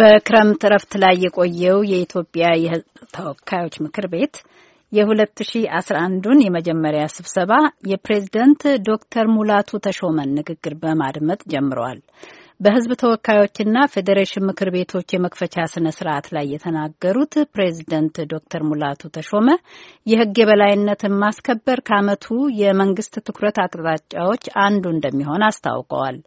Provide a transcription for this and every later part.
በክረምት እረፍት ላይ የቆየው የኢትዮጵያ የሕዝብ ተወካዮች ምክር ቤት የ 2011 ን የመጀመሪያ ስብሰባ የፕሬዝደንት ዶክተር ሙላቱ ተሾመን ንግግር በማድመጥ ጀምረዋል። በህዝብ ተወካዮችና ፌዴሬሽን ምክር ቤቶች የመክፈቻ ስነ ስርዓት ላይ የተናገሩት ፕሬዚደንት ዶክተር ሙላቱ ተሾመ የህግ የበላይነትን ማስከበር ከአመቱ የመንግስት ትኩረት አቅጣጫዎች አንዱ እንደሚሆን አስታውቀዋል።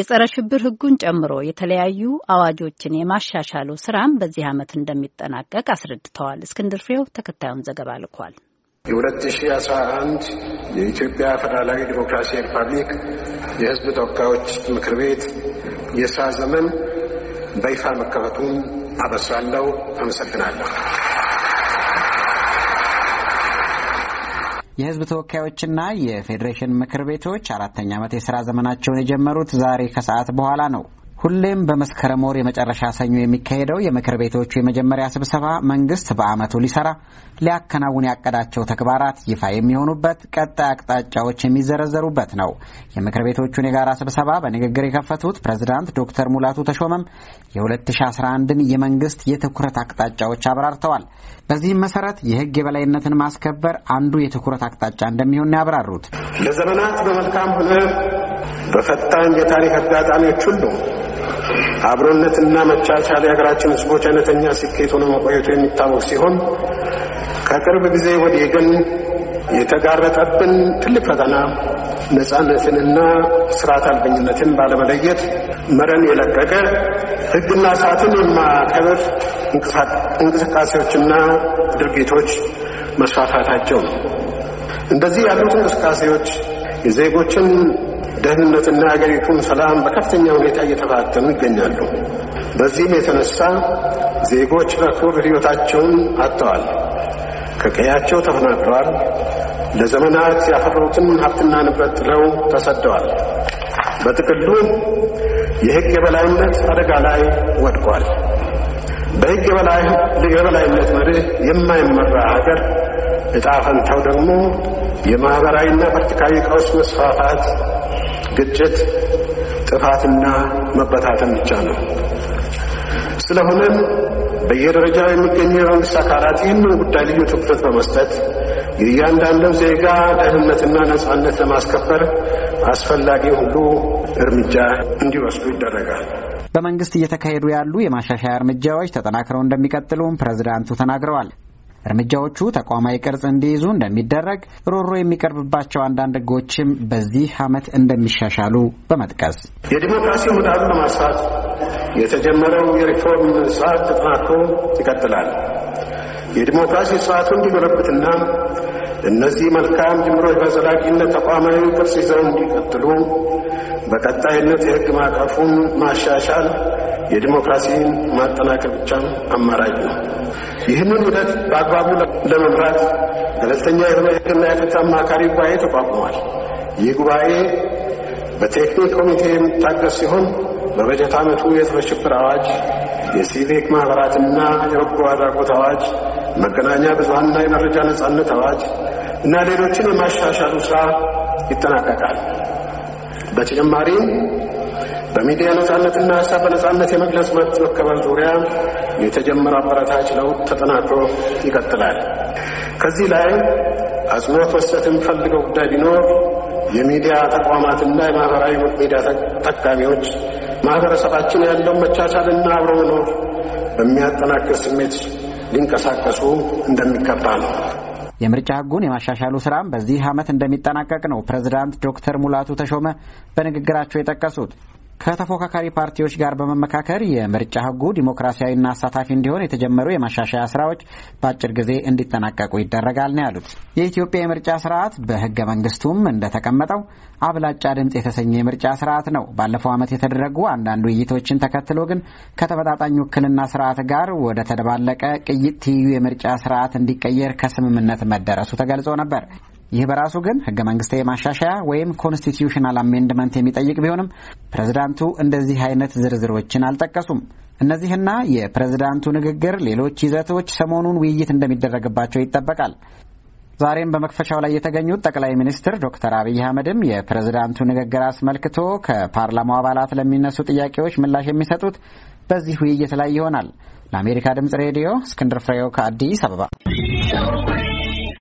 የጸረ ሽብር ህጉን ጨምሮ የተለያዩ አዋጆችን የማሻሻሉ ስራም በዚህ አመት እንደሚጠናቀቅ አስረድተዋል። እስክንድር ፍሬው ተከታዩን ዘገባ ልኳል። የ2011 የኢትዮጵያ ፌዴራላዊ ዲሞክራሲያዊ ሪፐብሊክ የህዝብ ተወካዮች ምክር ቤት የስራ ዘመን በይፋ መከፈቱን አበስራለሁ። አመሰግናለሁ። የህዝብ ተወካዮችና የፌዴሬሽን ምክር ቤቶች አራተኛ ዓመት የሥራ ዘመናቸውን የጀመሩት ዛሬ ከሰዓት በኋላ ነው። ሁሌም በመስከረም ወር የመጨረሻ ሰኞ የሚካሄደው የምክር ቤቶቹ የመጀመሪያ ስብሰባ መንግስት በዓመቱ ሊሰራ ሊያከናውን ያቀዳቸው ተግባራት ይፋ የሚሆኑበት፣ ቀጣይ አቅጣጫዎች የሚዘረዘሩበት ነው። የምክር ቤቶቹን የጋራ ስብሰባ በንግግር የከፈቱት ፕሬዝዳንት ዶክተር ሙላቱ ተሾመም የ2011ን የመንግስት የትኩረት አቅጣጫዎች አብራርተዋል። በዚህም መሰረት የህግ የበላይነትን ማስከበር አንዱ የትኩረት አቅጣጫ እንደሚሆን ያብራሩት ለዘመናት በመልካም ሆነ በፈጣን የታሪክ አጋጣሚዎች ሁሉ አብሮነትና መቻቻል የሀገራችን ህዝቦች አይነተኛ ስኬት ሆኖ መቆየቱ የሚታወቅ ሲሆን ከቅርብ ጊዜ ወዲህ ግን የተጋረጠብን ትልቅ ፈተና ነጻነትንና ስርዓት አልበኝነትን ባለመለየት መረን የለቀቀ ህግና ሰዓትን የማከበር እንቅስቃሴዎችና ድርጊቶች መስፋፋታቸው ነው። እንደዚህ ያሉት እንቅስቃሴዎች የዜጎችን ደህንነትና ሀገሪቱን ሰላም በከፍተኛ ሁኔታ እየተፋተኑ ይገኛሉ። በዚህም የተነሳ ዜጎች በክብር ሕይወታቸውን አጥተዋል፣ ከቀያቸው ተፈናቅለዋል፣ ለዘመናት ያፈሩትን ሀብትና ንብረት ጥለው ተሰደዋል። በጥቅሉ የሕግ የበላይነት አደጋ ላይ ወድቋል። በሕግ የበላይነት መርህ የማይመራ ሀገር ዕጣ ፈንታው ደግሞ የማኅበራዊና ፖለቲካዊ ቀውስ መስፋፋት ግጭት፣ ጥፋትና መበታተን ብቻ ነው። ስለሆነም በየደረጃው የሚገኙ የመንግስት አካላት ይህንን ጉዳይ ልዩ ትኩረት በመስጠት የእያንዳንዱን ዜጋ ደህንነትና ነጻነት ለማስከበር አስፈላጊ ሁሉ እርምጃ እንዲወስዱ ይደረጋል። በመንግስት እየተካሄዱ ያሉ የማሻሻያ እርምጃዎች ተጠናክረው እንደሚቀጥሉም ፕሬዝዳንቱ ተናግረዋል። እርምጃዎቹ ተቋማዊ ቅርጽ እንዲይዙ እንደሚደረግ ሮሮ የሚቀርብባቸው አንዳንድ ህጎችም በዚህ ዓመት እንደሚሻሻሉ በመጥቀስ የዲሞክራሲ ምህዳሩን ለማስፋት የተጀመረው የሪፎርም ስርዓት ተጠናክሮ ይቀጥላል። የዲሞክራሲ ስርዓቱ እንዲጎለብትና እነዚህ መልካም ጅምሮች በዘላቂነት ተቋማዊ ቅርጽ ይዘው እንዲቀጥሉ በቀጣይነት የሕግ ማዕቀፉን ማሻሻል የዲሞክራሲን ማጠናከር ብቻም አማራጭ ነው። ይህንን ሂደት በአግባቡ ለመምራት ገለልተኛ የሆነ የሕግና የፍትህ አማካሪ ጉባኤ ተቋቁሟል። ይህ ጉባኤ በቴክኒክ ኮሚቴ የሚታገዝ ሲሆን በበጀት ዓመቱ የፀረ ሽብር አዋጅ፣ የሲቪክ ማኅበራትና የበጎ አድራጎት አዋጅ መገናኛ ብዙሃንና የመረጃ ነጻነት አዋጅ እና ሌሎችን የማሻሻሉ ስራ ይጠናቀቃል። በተጨማሪም በሚዲያ ነጻነትና ሀሳብ በነጻነት የመግለጽ መብት መከበር ዙሪያ የተጀመረ አበረታች ለውጥ ተጠናክሮ ይቀጥላል። ከዚህ ላይ አጽንኦት ወሰት የምፈልገው ጉዳይ ቢኖር የሚዲያ ተቋማትና የማህበራዊ ሚዲያ ተጠቃሚዎች ማህበረሰባችን ያለው መቻቻልና አብሮ መኖር በሚያጠናክር ስሜት ሊንቀሳቀሱ እንደሚገባ ነው። የምርጫ ህጉን የማሻሻሉ ስራም በዚህ ዓመት እንደሚጠናቀቅ ነው ፕሬዝዳንት ዶክተር ሙላቱ ተሾመ በንግግራቸው የጠቀሱት። ከተፎካካሪ ፓርቲዎች ጋር በመመካከር የምርጫ ህጉ ዲሞክራሲያዊና አሳታፊ እንዲሆን የተጀመሩ የማሻሻያ ስራዎች በአጭር ጊዜ እንዲጠናቀቁ ይደረጋል ነው ያሉት። የኢትዮጵያ የምርጫ ስርዓት በህገ መንግስቱም እንደተቀመጠው አብላጫ ድምፅ የተሰኘ የምርጫ ስርዓት ነው። ባለፈው ዓመት የተደረጉ አንዳንድ ውይይቶችን ተከትሎ ግን ከተመጣጣኝ ውክልና ስርዓት ጋር ወደ ተደባለቀ ቅይጥ ትይዩ የምርጫ ስርዓት እንዲቀየር ከስምምነት መደረሱ ተገልጾ ነበር። ይህ በራሱ ግን ህገ መንግስታዊ ማሻሻያ ወይም ኮንስቲትዩሽናል አሜንድመንት የሚጠይቅ ቢሆንም ፕሬዝዳንቱ እንደዚህ አይነት ዝርዝሮችን አልጠቀሱም። እነዚህና የፕሬዝዳንቱ ንግግር ሌሎች ይዘቶች ሰሞኑን ውይይት እንደሚደረግባቸው ይጠበቃል። ዛሬም በመክፈቻው ላይ የተገኙት ጠቅላይ ሚኒስትር ዶክተር አብይ አህመድም የፕሬዝዳንቱ ንግግር አስመልክቶ ከፓርላማው አባላት ለሚነሱ ጥያቄዎች ምላሽ የሚሰጡት በዚህ ውይይት ላይ ይሆናል። ለአሜሪካ ድምጽ ሬዲዮ እስክንድር ፍሬው ከአዲስ አበባ